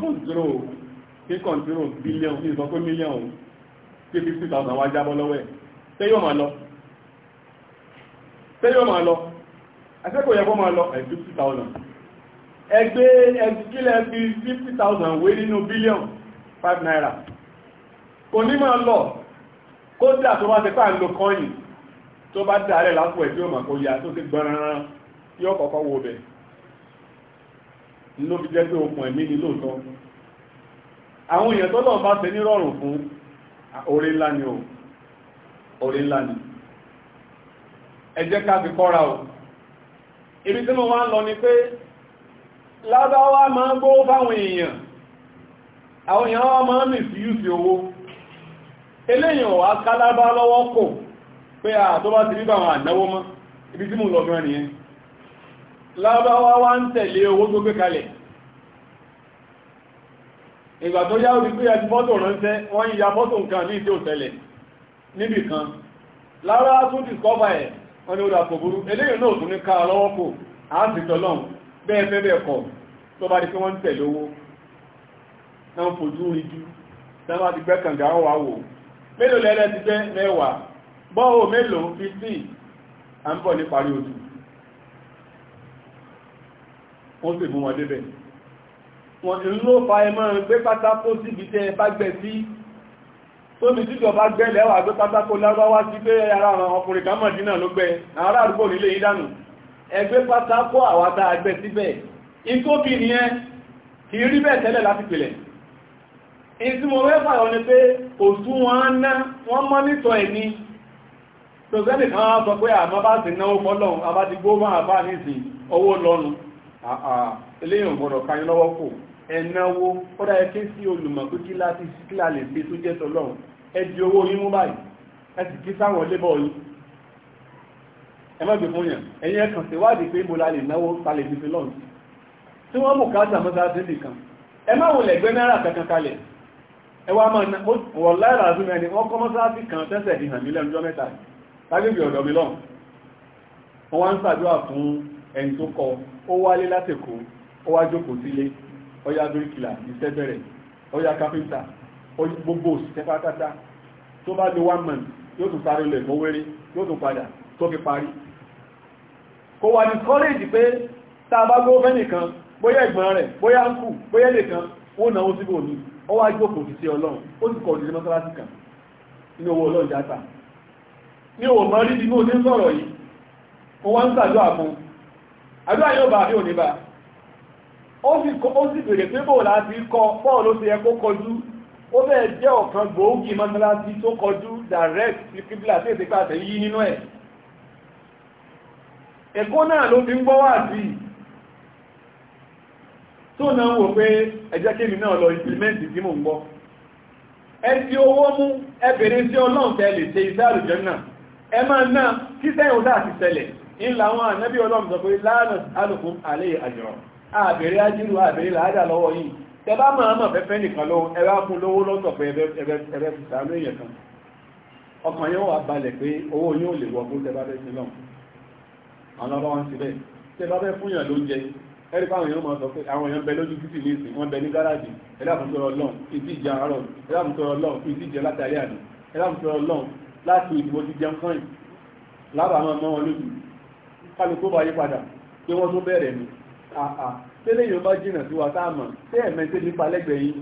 wọn kí kọ̀ntínú bílíọ̀n kí ìsọ pé mílíọ̀n kí fifty thousand wá jábọ́ lọ́wọ́ ẹ̀ ṣé yóò máa lọ ṣé yóò máa lọ àṣẹ́kọ̀ọ́ yẹ kó máa lọ ẹ̀ fifty thousand ẹgbẹ́ ẹgbẹ́ fi fifty thousand wé nínú bílíọ̀n five naira kò ní máa lọ kódà tó bá ti pà ń lo kọ́yìn tó bá dàárẹ̀ lápò ẹ̀ tí ó mà kó ya tó ti gbọ́nrán yóò kọ́kọ́ wo bẹ̀ ló fi jẹ́ pé okùn ẹ̀mí ni lóòótọ́ àwọn èèyàn tó lọ́ọ̀ bá ṣe ní rọrùn fún orí ńlá ni o orí ńlá ni ẹ jẹ́ kọ́ra o ibi tí mo wá ń lọ ni pé lábáwá ma ń gbówó fáwọn èèyàn àwọn èèyàn wá ma ń mìsí yù sí owó eléyàn wá kálábá lọ́wọ́ kò pé à tó bá ti rí báwọn mọ́ ibi tí mo lọ gan nìyẹn lábáwá wá ń tẹ̀lé owó tó gbé kalẹ̀ ìgbà tó yá orí pé ẹni fọ́tò ránṣẹ́ wọ́n yí ya fọ́tò nǹkan ní ìdí òtẹ́lẹ̀ níbì kan lára tún discover ẹ̀ wọ́n ni ó dà kò burú eléyìí náà tún ní ká lọ́wọ́ kò àásì tọ́lọ́hùn bẹ́ẹ̀ fẹ́ bẹ́ẹ̀ kọ̀ tó bá di pé wọ́n ń tẹ̀lé owó náà fojú ríjú tẹ́lá ti gbẹ́ kànga wọ́n wá wò mélòó lẹ́rẹ́ ti gbẹ́ mẹ́wàá bọ́ọ̀ mélòó 15 à wọ́n ti ló fa ẹmọ́ gbé pátákó síbi tẹ́ bá gbẹ̀ sí tóbi títọ̀ bá gbẹ́ lẹ́wà gbé pátákó lárúbáwá sí pé ara àwọn ọkùnrin kan mọ̀dínà ló gbẹ àwọn ará àdúgbò nílé yìí dànù ẹgbẹ́ pátákó àwátá agbẹ́ síbẹ̀ ikó kì ní ẹ kì í rí bẹ́ẹ̀ tẹ́lẹ̀ láti pìlẹ̀ ìsí mo fẹ́ fàyọ ni pé òsú wọn ná wọ́n mọ́ nítọ̀ ẹ̀ ni tòsẹ́nì kan á sọ pé àmọ́ bá sì náwó fọ́lọ́run abá ti gbó máa bá nísìn owó lọ́nu eléyìn gbọ́dọ̀ kan lọ́wọ́ kù ẹ̀náwó ó dáyẹ ké sí olùmọ̀ pé kí láti kílà lè ṣe tó jẹ́ tọlọ́run ẹ di owó yín mú báyìí ẹ sì kí sáwọn lébọ̀ yín ẹ má gbé fún yàn ẹ̀yin ẹ̀kàn ṣèwádìí pé mo la lè náwó ta lè fi fi lọ́run tí wọ́n mú káàtà mọ́sáàtì nìkan ẹ má wọlé ẹgbẹ́ náírà kankan kalẹ̀ ẹwà máa ná wọ̀ láìra àdúmọ̀ ẹni ó wá jókòó sílé ọya bíríkìlà iṣẹ́ bẹ̀rẹ̀ ọya kápẹ́ntà gbogbo òṣìṣẹ́ pátápátá tó bá lo one man. yóò tún sáré lẹ̀ mọ́wẹ́rẹ́ yóò tún padà tó fi parí kò wà ní kọ́lẹ́jì pé tá a bá gbówó fẹ́ nìkan bóyá ìgbọ́n rẹ̀ bóyá ń kù bóyá nìkan ó na ó síbò ní ó wá jókòó sí sí ọlọ́run ó sì kọ̀ òdìdí mọ́sálásí kan inú ó sì bèèrè pé bóò láti kọ Paul ó yẹ kó kọjú ó bẹ́ẹ̀ jẹ́ ọ̀kan gbòógì mọ́sálásí tó kọjú direct sí kíbílà tí èsì pàtẹ yí nínú ẹ̀ ẹ̀kọ́ ló fi ń gbọ́ wà sí tó náà wò pé kí náà lọ tí mò ń gbọ́ ẹ ti owó mú ọlọ́run lè ṣe iṣẹ́ náà ẹ máa ná kí sẹ́yìn ó dà sí ńlá àbẹ̀rẹ̀ ajírù àbẹ̀rẹ̀ làádà lọ́wọ́ yìí tẹbá máa mọ̀ fẹ́fẹ́ nìkan lọ́wọ́ ẹwà fún lówó lọ́tọ̀ pé ẹbẹ́ fìsàánú èèyàn kan ọkàn yóò wà balẹ̀ pé owó yóò lè wọ fún tẹbá bẹ́ sí lọ́n àwọn ọba wọn ti bẹ́ tẹbá bẹ́ fún yàn lóúnjẹ ẹ̀rí fáwọn èèyàn máa sọ pé àwọn èèyàn bẹ lójú títì ní ìsìn wọn bẹ ní gáràjì ẹlẹ́àmùtọ́rọ̀ lọ́n ìdí ìjà àárọ̀ ẹlẹ́àmùtọ́rọ̀ lọ́n ìdí ìjẹ látàrí àná ẹlẹ́àmùtọ́rọ̀ lọ́n láti bá yí padà pé wọ́n tún bẹ̀rẹ̀ ni tẹ́lẹ̀ yóò bá jìnà sí wa táàmà tẹ́ ẹ̀mẹ́ tẹ́ nípa lẹ́gbẹ̀ẹ́ yìí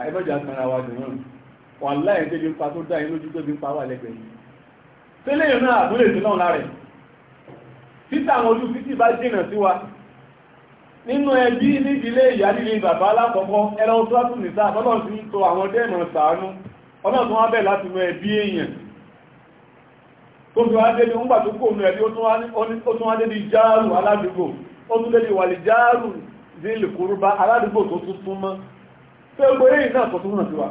àìbọ́jà sanra wa dùn náà wà láì tẹ́ nípa tó dá inú ojú tó bí pa wà lẹ́gbẹ̀ẹ́ yìí tẹ́lẹ̀ yóò náà àbúlé sí náà lára ẹ̀ títà àwọn ojú títì bá jìnà sí wa nínú ẹbí nídìílé ìyá nílé bàbá alákọ̀ọ́kọ́ ẹlọ tó á tún nìta tọ́lọ̀ sí ń to àwọn dẹ́mọ̀ sàánú ọlọ́ tó wá bẹ̀ láti mọ ẹbí èèyàn tó fi wá débi ń gbà tó kò nù ẹbí ó tún wá débi jáàrù aládùúgbò ó tún lè wàlìjáàrù ní ìlúkúrúbá aládùúgbò tó tún tún mọ́ tí ó gbé ìrìn náà tó tún hàn sí wa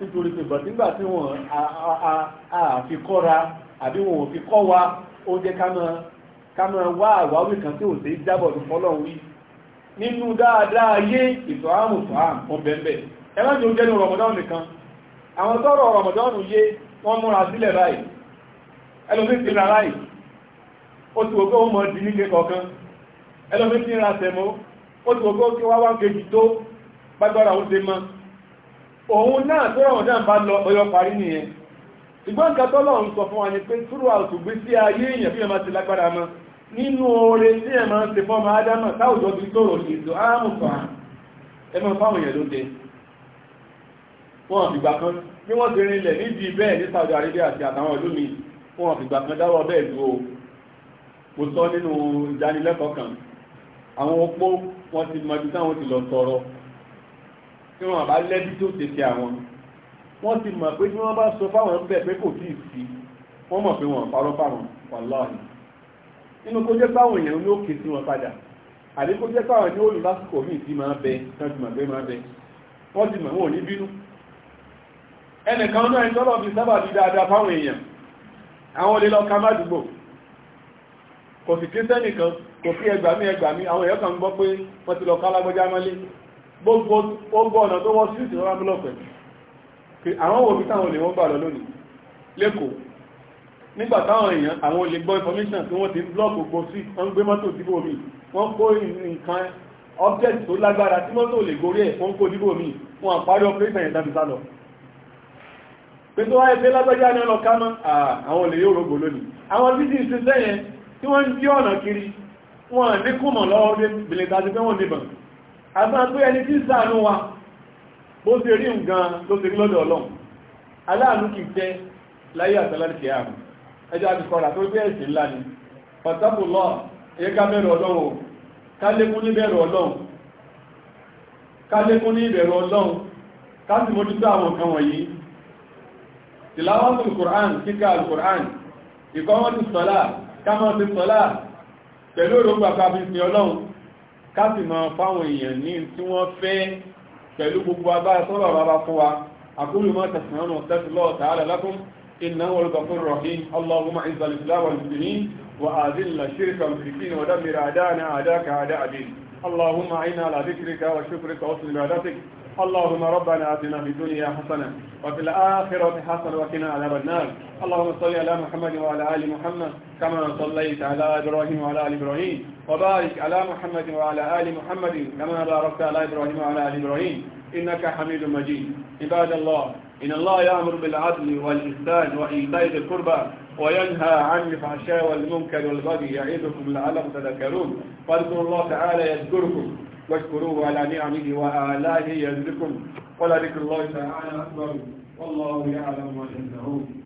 nítorí pé bàtí nígbà tí wọ́n àfi kọ́ra àbí wọn ò fi kọ́ wa ó jẹ́ ká máa wá àwáwí kan tí ò sí jábọ̀ ní fọ́lọ́run ni ó jẹ́ ní rọmọdán nìkan àwọn tọ́rọ rọmọdán yé wọ́n múra sílẹ̀ báyìí ẹlòmí ti ra ó ti wò pé ó mọ̀ di nílé kọ̀ọ̀kan ẹlọ́mí tí ń ra sẹ̀mọ́ ó ti wò pé ó kí wá wọ́n kejì tó gbágbára ó ṣe mọ́ òun náà tó rọrùn náà bá lọ ọyọ parí nìyẹn ṣùgbọ́n nǹkan tó lọ́run sọ fún wa ni pé túrò àtùgbé sí ayé èèyàn bí ẹ máa ti lágbára mọ́ nínú oore tí ẹ máa ń ṣe fọ́mọ ádámà táwùjọ bí tòrò ètò áàmùfà ẹ máa fáwọn èèyàn lóde wọn àfìgbà kan bí wọ́n ti rinlẹ̀ nídìí bẹ́ẹ̀ ní Saudi Arabia àti àtàwọn ìlú mi wọn àfìgbà kan dáwọ́ bẹ́ẹ̀ dúró mo sọ nínú ìdánilẹ́kọ̀ọ́ kan àwọn opó wọn ti mọ ibi táwọn ti lọ sọ̀rọ̀ tí wọn bá lẹ́bí tó tètè àwọn wọn ti mọ̀ pé bí wọ́n bá sọ fáwọn ń bẹ̀ pé kò tí ì sí wọ́n mọ̀ pé wọ́n parọ́ fáwọn wàláhì nínú kó jẹ́ fáwọn èèyàn ní òkè sí wọn padà àbí kó jẹ́ fáwọn ní òòlù lásìkò míì sí máa bẹ tán ti mọ̀ pé máa bẹ wọ́n ti mọ̀ wọn ò ní bínú ẹnìkan náà ń tọ́lọ́ fi sábà fi dáadáa fáwọn èèyàn àwọn olè lọ ká má dùgbò kò sì kírísítẹ́nì kan kò fi ẹgbàmí ẹgbàmí àwọn èèyàn kan gbọ́ pé wọ́n ti lọ ká lágbọ́já mọ́lé gbogbo ọ̀nà tó wọ́n síìtì rọ́rá búlọ̀pẹ̀ àwọn òbí táwọn olè wọ́n bà lọ lónìí lẹ́kọ̀ọ́ nígbà táwọn information tí wọ́n ti blọ́ọ̀kì gbogbo sí wọ́n mi wọ́n kó nǹkan object tó lágbára tí mọ́tò lè mi wọ́n àparí operation yẹn dábì sálọ pé tó wáyé pé lágbájá ní ọlọ́ká mọ́ àwọn olè yóò rògbò lónìí tí wọ́n ń jí ọ̀nà kiri wọ́n ní kúmọ̀ lọ́wọ́ dé bèlè tàbí pé wọ́n níbọn àgbà pé ẹni tí ṣàánú wa bó ṣe rí nǹkan tó ṣe rí lọ́dọ̀ ọlọ́run aláàánú kìí jẹ́ láyé àtàlárìkì àrùn ẹjọ́ àti tó jẹ́ ẹ̀sìn kùrán sọ́lá kámọ́ sí sọ́lá pẹ̀lú òrògbà bàbí sí ọlọ́run káàsì máa fáwọn èèyàn ní tí wọ́n fẹ́ pẹ̀lú gbogbo agbára sọ́lọ̀ bàbá fún wa àkúrò mọ́ tẹ̀sánánà tẹ́sílọ́ tààlà lákún iná olùgbàfún rahim allahumma izal islam wal muslimin wa allahumma aina ala dhikrika wa shukrika wa husni ibadatik اللهم ربنا آتنا في الدنيا حسنة وفي الآخرة حسنة وقنا عذاب النار اللهم صل على محمد وعلى آل محمد كما صليت على إبراهيم وعلى آل إبراهيم وبارك على محمد وعلى آل محمد كما باركت على إبراهيم وعلى آل إبراهيم إنك حميد مجيد عباد الله إن الله يأمر بالعدل والإحسان وإيتاء ذي القربى وينهى عن الفحشاء والمنكر والبغي يعظكم لعلكم تذكرون فاذكروا الله تعالى يذكركم واشكروه على نعمه وآلائه يزدكم ولذكر الله تعالى أكبر والله يعلم ما